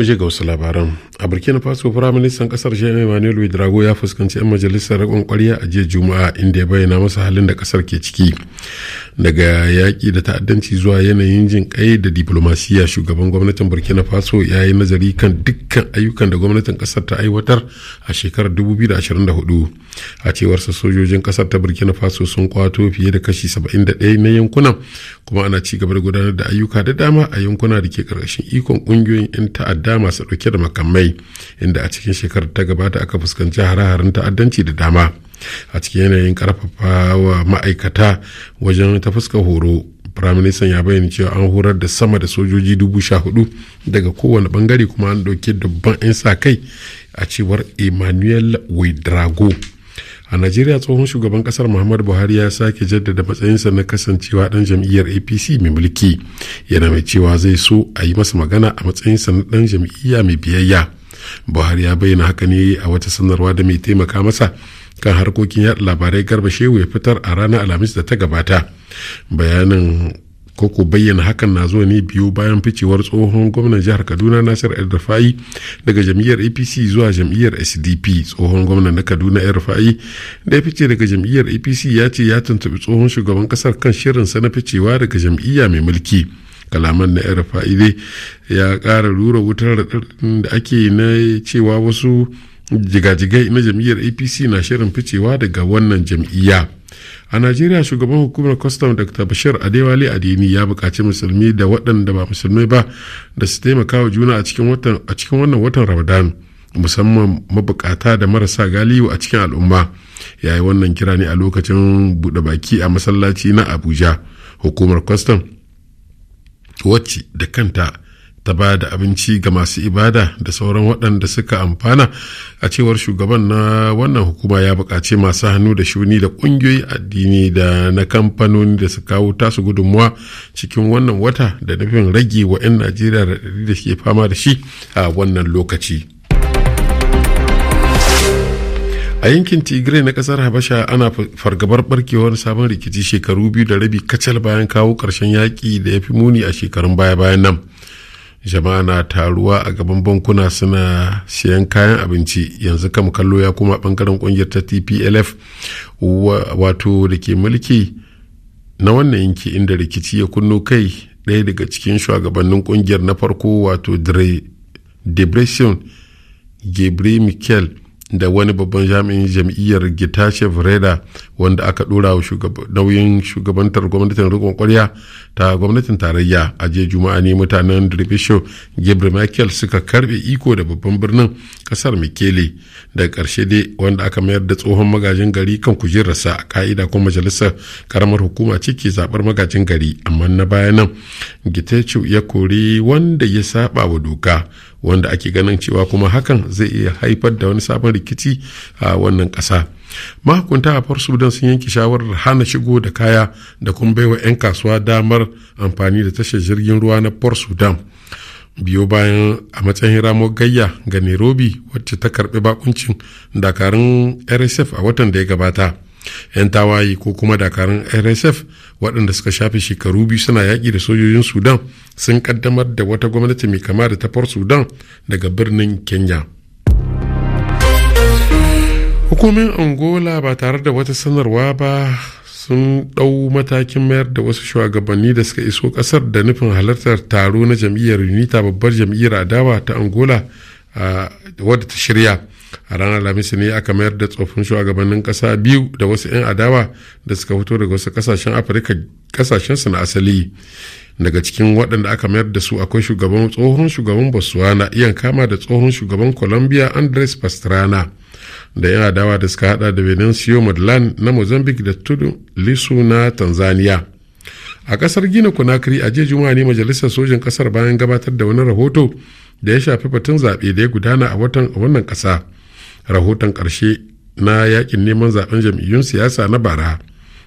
kuje ga wasu labaran a burkina faso firaministan kasar jami'a manuel drago ya fuskanci 'yan majalisar rikon kwarya a jiya juma'a inda ya bayyana masa halin da kasar ke ciki daga yaƙi da ta'addanci zuwa yanayin jin kai da diplomasiya shugaban gwamnatin burkina faso ya yi nazari kan dukkan ayyukan da gwamnatin kasar ta aiwatar a shekarar 2024 a cewarsa sojojin kasar ta burkina faso sun kwato fiye da kashi 71 na yankunan kuma ana ci gaba da gudanar da ayyuka da dama a yankuna da ke ƙarƙashin ikon ƙungiyoyin 'yan ta'adda ta'adda masu ɗauke da makamai inda a cikin shekarar ta gabata aka fuskanci hare-haren ta'addanci da dama a cikin yanayin karfafawa ma'aikata wajen ta fuska horo firaministan ya bayyana cewa an horar da sama da sojoji dubu sha hudu daga kowane bangare kuma an ɗauki dubban 'yan sa kai a cewar emmanuel wedrago a najeriya tsohon shugaban kasar muhammadu buhari ya sake jaddada matsayinsa na kasancewa dan jam'iyyar apc mai mulki yana mai cewa zai so a yi masa magana a matsayinsa na dan jam'iyya mai biyayya buhari ya bayyana haka ne a wata sanarwa da mai taimaka masa kan harkokin yaɗa labarai garba shehu ya fitar a ranar alhamis da ta gabata bayanin koko bayyana hakan na zuwa ne biyu bayan ficewar tsohon gwamnan jihar kaduna nasir el daga jam'iyyar apc zuwa jam'iyyar sdp tsohon gwamnan na kaduna el-rufai da ya fice daga jam'iyyar apc ya ce ya tuntubi tsohon shugaban kasar kan shirin sa na ficewa daga jam'iyya mai mulki kalaman na el-rufai dai ya kara rura wutar da ake na cewa wasu jigajigai na jam'iyyar apc na shirin ficewa daga wannan jam'iyya. a najeriya shugaban hukumar kwastam dr bashir adewale adini ya bukaci musulmi da waɗanda ba musulmai ba da su taimaka wa juna a cikin wannan watan ramadan musamman mabukata da marasa galiyu a cikin al'umma ya yi wannan kira ne a lokacin buɗe baki a masallaci na abuja hukumar kwastam wacce da kanta ta ba da abinci ga masu ibada da sauran waɗanda suka amfana a cewar shugaban na wannan hukuma ya buƙaci masu hannu da shuni da ƙungiyoyi addini da na kamfanoni da su kawo tasu gudunmuwa cikin wannan wata da nufin rage wa 'yan najeriya da ke fama da shi a wannan lokaci. a yankin tigray na kasar habasha ana fargabar barkewar sabon rikici shekaru biyu da rabi kacal bayan kawo karshen yaƙi da ya fi muni a shekarun baya bayan nan jama'a na taruwa a gaban bankuna suna siyan kayan abinci yanzu kam kallo ya kuma bangaren kungiyar ta tplf wato da ke mulki na wannan yanki inda rikici ya kunno kai ɗaya daga cikin shugabannin kungiyar na farko wato debrecen gebre michel da wani babban jami'in jam'iyyar gitashe reda wanda aka dora wa nauyin shugabantar gwamnatin rikon kwarya ta gwamnatin tarayya a jiya juma'a ne mutanen dirbisho gabriel michael suka karbe iko da babban birnin kasar mikele da karshe dai wanda aka mayar da tsohon magajin gari kan kujerarsa a ka'ida kuma majalisar karamar hukuma ciki zabar magajin gari amma na baya nan gitacew ya kori wanda ya saba wa doka wanda ake ganin cewa kuma hakan zai iya haifar da wani sabon rikici a wannan kasa. mahukunta a sudan sun yanke shawarar hana shigo da kaya da kuma baiwa 'yan kasuwa damar amfani da tashar jirgin ruwa na port sudan biyo bayan a matsayin ramo gayya ga nairobi wacce ta karbi bakuncin dakarun rsf a watan da ya gabata 'yan tawaye ko kuma dakarun rsf waɗanda suka shafe shekaru biyu suna yaƙi da sojojin sudan sun ƙaddamar da wata gwamnati mai kama da tafar sudan daga birnin kenya hukumin angola ba tare da wata sanarwa ba sun ɗau matakin mayar da wasu shugabanni da suka iso ƙasar da nufin halartar taro na jam'iyyar unita babbar jam'iyyar adawa ta angola wadda ta shirya a ranar alhamis ne aka mayar da tsofin shugabannin kasa biyu da wasu 'yan adawa da suka fito daga wasu kasashen afirka kasashensu na asali daga cikin waɗanda aka mayar da su akwai shugaban tsohon shugaban botswana iyan kama da tsohon shugaban colombia andres pastrana da 'yan adawa da suka hada da venancio madlan na mozambique da tudu lisu na tanzania a kasar gina kunakiri a jiya juma'a ne majalisar sojin kasar bayan gabatar da wani rahoto da ya shafi batun zaɓe da ya gudana a wannan ƙasa. rahoton ƙarshe na yakin neman zaben jam'iyyun siyasa na bara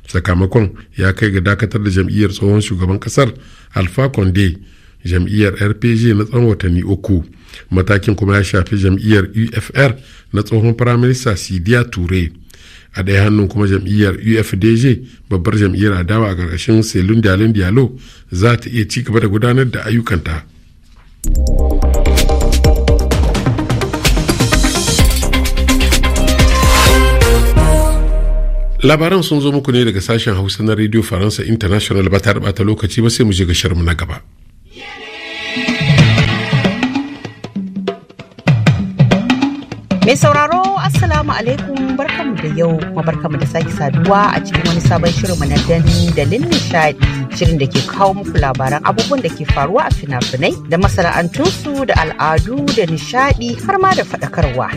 sakamakon ya kai ga dakatar da jam'iyyar tsohon shugaban kasar alfa conde jam'iyyar rpg na tsawon watanni uku matakin kuma ya shafi jam'iyyar ufr na tsohon firaminista sidiya ture a ɗaya hannun kuma jam'iyyar ufdj babbar jam'iyyar adawa a ƙarƙashin selun dalin dialo za ta iya ci gaba da gudanar da ayyukanta labaran sun zo muku ne daga sashen hausa na radio faransa international ba ta bata lokaci ba sai mu je ga shirmu na gaba mai sauraro assalamu alaikum barkamu da yau mabarkamu da sake saduwa a cikin wani sabon shirin mu na dandalin nishadi shirin da ke kawo muku labaran abubuwan da ke faruwa a fina-finai da masana'antunsu da al'adu da nishadi har ma da faɗakarwa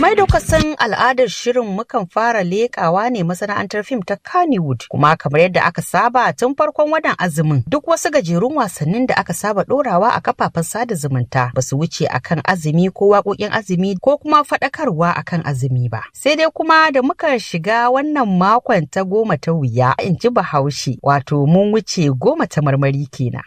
Kamar da san al'adar shirin mukan fara leƙawa ne masana'antar fim ta Kannywood kuma kamar yadda aka saba tun farkon wannan azumin duk wasu gajerun wasannin da aka saba ɗorawa a kafafen sada zumunta ba su wuce akan azumi ko waƙoƙin azumi ko kuma faɗakarwa akan azumi ba. Sai dai kuma da muka shiga wannan makon ta goma ta wuya in ji bahaushe wato mun wuce goma ta marmari kenan.